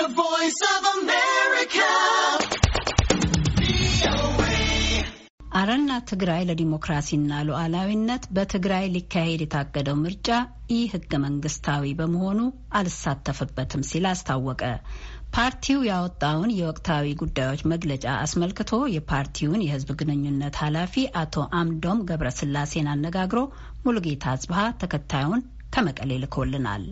The Voice of America. አረና ትግራይ ለዲሞክራሲና ሉዓላዊነት በትግራይ ሊካሄድ የታገደው ምርጫ ኢ ህገ መንግስታዊ በመሆኑ አልሳተፍበትም ሲል አስታወቀ። ፓርቲው ያወጣውን የወቅታዊ ጉዳዮች መግለጫ አስመልክቶ የፓርቲውን የህዝብ ግንኙነት ኃላፊ አቶ አምዶም ገብረስላሴን አነጋግሮ ሙሉጌታ አጽብሃ ተከታዩን ከመቀሌ ልኮልናል።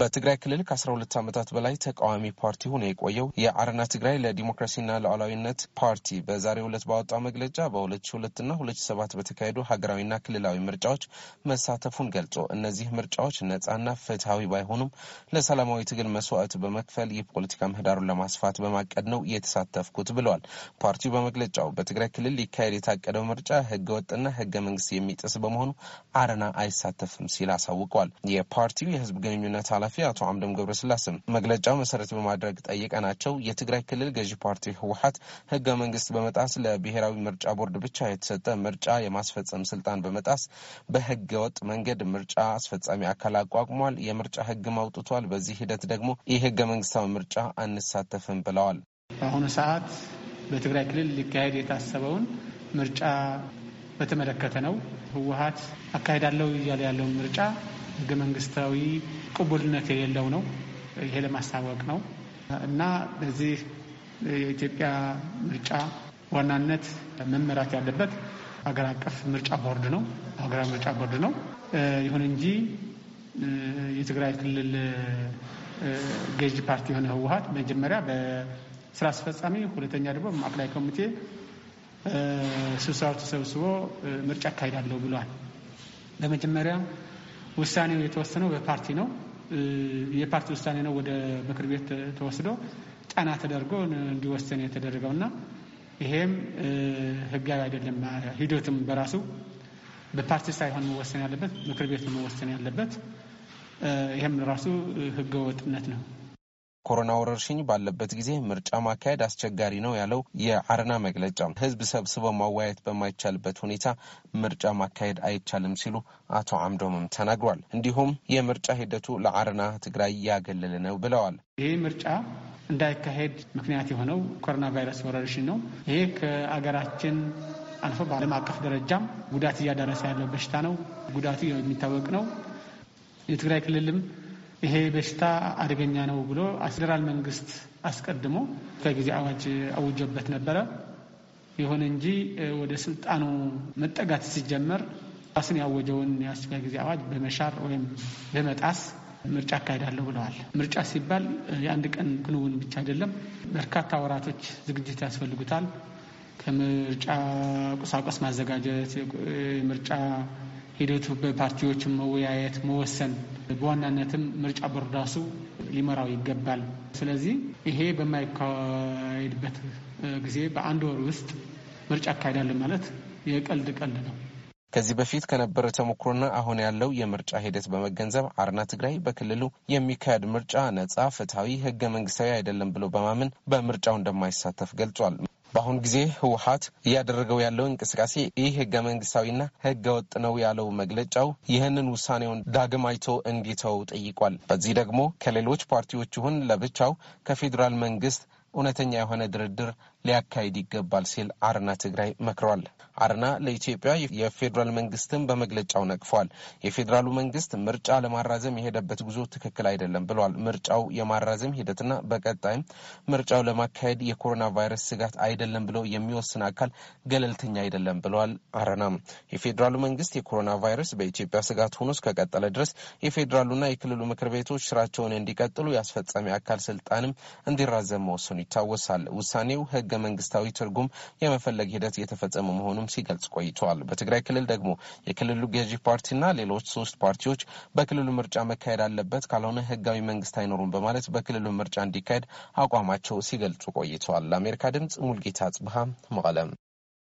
በትግራይ ክልል ከ12 ዓመታት በላይ ተቃዋሚ ፓርቲ ሆኖ የቆየው የአረና ትግራይ ለዲሞክራሲና ለሉዓላዊነት ፓርቲ በዛሬው ዕለት ባወጣው መግለጫ በ2002 እና 2007 በተካሄዱ ሀገራዊና ክልላዊ ምርጫዎች መሳተፉን ገልጾ እነዚህ ምርጫዎች ነጻና ፍትሐዊ ባይሆኑም ለሰላማዊ ትግል መስዋዕት በመክፈል የፖለቲካ ምህዳሩን ለማስፋት በማቀድ ነው የተሳተፍኩት ብለዋል። ፓርቲው በመግለጫው በትግራይ ክልል ሊካሄድ የታቀደው ምርጫ ህገ ወጥና ህገ መንግስት የሚጥስ በመሆኑ አረና አይሳተፍም ሲል አሳውቀዋል። የፓርቲው የህዝብ ግንኙነት ኃላፊ ኃላፊ አቶ አምደም ገብረስላሴም መግለጫው መሰረት በማድረግ ጠይቀናቸው የትግራይ ክልል ገዢ ፓርቲ ህወሓት ህገ መንግስት በመጣስ ለብሔራዊ ምርጫ ቦርድ ብቻ የተሰጠ ምርጫ የማስፈጸም ስልጣን በመጣስ በህገ ወጥ መንገድ ምርጫ አስፈጻሚ አካል አቋቁሟል፣ የምርጫ ህግ አውጥቷል። በዚህ ሂደት ደግሞ ህገ መንግስታዊ ምርጫ አንሳተፍም ብለዋል። በአሁኑ ሰዓት በትግራይ ክልል ሊካሄድ የታሰበውን ምርጫ በተመለከተ ነው። ህወሀት አካሄዳለው እያለ ያለውን ምርጫ ህገ መንግስታዊ ቅቡልነት የሌለው ነው። ይሄ ለማስታወቅ ነው እና በዚህ የኢትዮጵያ ምርጫ ዋናነት መመራት ያለበት ሀገር አቀፍ ምርጫ ቦርድ ነው፣ ሀገራዊ ምርጫ ቦርድ ነው። ይሁን እንጂ የትግራይ ክልል ገዥ ፓርቲ የሆነ ህወሀት መጀመሪያ በስራ አስፈጻሚ፣ ሁለተኛ ደግሞ ማዕከላዊ ኮሚቴ ስብሰባው ተሰብስቦ ምርጫ አካሂዳለሁ ብሏል። በመጀመሪያ ውሳኔው የተወሰነው በፓርቲ ነው። የፓርቲ ውሳኔ ነው ወደ ምክር ቤት ተወስዶ ጫና ተደርጎ እንዲወሰን የተደረገው እና ይሄም ህጋዊ አይደለም። ሂደትም በራሱ በፓርቲ ሳይሆን መወሰን ያለበት ምክር ቤት መወሰን ያለበት። ይሄም ራሱ ህገወጥነት ነው። ኮሮና ወረርሽኝ ባለበት ጊዜ ምርጫ ማካሄድ አስቸጋሪ ነው ያለው የአረና መግለጫ ህዝብ ሰብስበው ማወያየት በማይቻልበት ሁኔታ ምርጫ ማካሄድ አይቻልም ሲሉ አቶ አምዶምም ተናግሯል። እንዲሁም የምርጫ ሂደቱ ለአረና ትግራይ እያገለለ ነው ብለዋል። ይህ ምርጫ እንዳይካሄድ ምክንያት የሆነው ኮሮና ቫይረስ ወረርሽኝ ነው። ይሄ ከአገራችን አልፎ በዓለም አቀፍ ደረጃም ጉዳት እያደረሰ ያለው በሽታ ነው። ጉዳቱ የሚታወቅ ነው። የትግራይ ክልልም ይሄ በሽታ አደገኛ ነው ብሎ ፌዴራል መንግስት አስቀድሞ ከጊዜ አዋጅ አውጆበት ነበረ። ይሁን እንጂ ወደ ስልጣኑ መጠጋት ሲጀመር ራስን ያወጀውን የአስቸኳይ ጊዜ አዋጅ በመሻር ወይም በመጣስ ምርጫ አካሄዳለሁ ብለዋል። ምርጫ ሲባል የአንድ ቀን ክንውን ብቻ አይደለም። በርካታ ወራቶች ዝግጅት ያስፈልጉታል። ከምርጫ ቁሳቁስ ማዘጋጀት፣ የምርጫ ሂደቱ በፓርቲዎችን መወያየት፣ መወሰን በዋናነትም ምርጫ ቦርድ ራሱ ሊመራው ይገባል። ስለዚህ ይሄ በማይካሄድበት ጊዜ በአንድ ወር ውስጥ ምርጫ አካሄዳለን ማለት የቀልድ ቀልድ ነው። ከዚህ በፊት ከነበረ ተሞክሮና አሁን ያለው የምርጫ ሂደት በመገንዘብ አርና ትግራይ በክልሉ የሚካሄድ ምርጫ ነጻ፣ ፍትሐዊ፣ ህገ መንግስታዊ አይደለም ብሎ በማመን በምርጫው እንደማይሳተፍ ገልጿል። በአሁኑ ጊዜ ህወሀት እያደረገው ያለው እንቅስቃሴ ይህ ህገ መንግስታዊና ህገ ወጥ ነው ያለው መግለጫው ይህንን ውሳኔውን ዳግም አይቶ እንዲተው ጠይቋል። በዚህ ደግሞ ከሌሎች ፓርቲዎች ይሁን ለብቻው ከፌዴራል መንግስት እውነተኛ የሆነ ድርድር ሊያካሂድ ይገባል ሲል አረና ትግራይ መክረዋል። አረና ለኢትዮጵያ የፌዴራል መንግስትን በመግለጫው ነቅፏል። የፌዴራሉ መንግስት ምርጫ ለማራዘም የሄደበት ጉዞ ትክክል አይደለም ብለዋል። ምርጫው የማራዘም ሂደትና በቀጣይም ምርጫው ለማካሄድ የኮሮና ቫይረስ ስጋት አይደለም ብለው የሚወስን አካል ገለልተኛ አይደለም ብለዋል። አረና የፌዴራሉ መንግስት የኮሮና ቫይረስ በኢትዮጵያ ስጋት ሆኖ እስከቀጠለ ድረስ የፌዴራሉና የክልሉ ምክር ቤቶች ስራቸውን እንዲቀጥሉ የአስፈጻሚ አካል ስልጣንም እንዲራዘም መወሰኑ ይታወሳል። ውሳኔው ህገ መንግስታዊ ትርጉም የመፈለግ ሂደት እየተፈጸመ መሆኑም ሲገልጽ ቆይተዋል። በትግራይ ክልል ደግሞ የክልሉ ገዢ ፓርቲና ሌሎች ሶስት ፓርቲዎች በክልሉ ምርጫ መካሄድ አለበት፣ ካልሆነ ህጋዊ መንግስት አይኖሩም በማለት በክልሉ ምርጫ እንዲካሄድ አቋማቸው ሲገልጹ ቆይተዋል። ለአሜሪካ ድምጽ ሙልጌታ ጽብሃ መቀለም